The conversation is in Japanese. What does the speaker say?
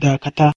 da ka ta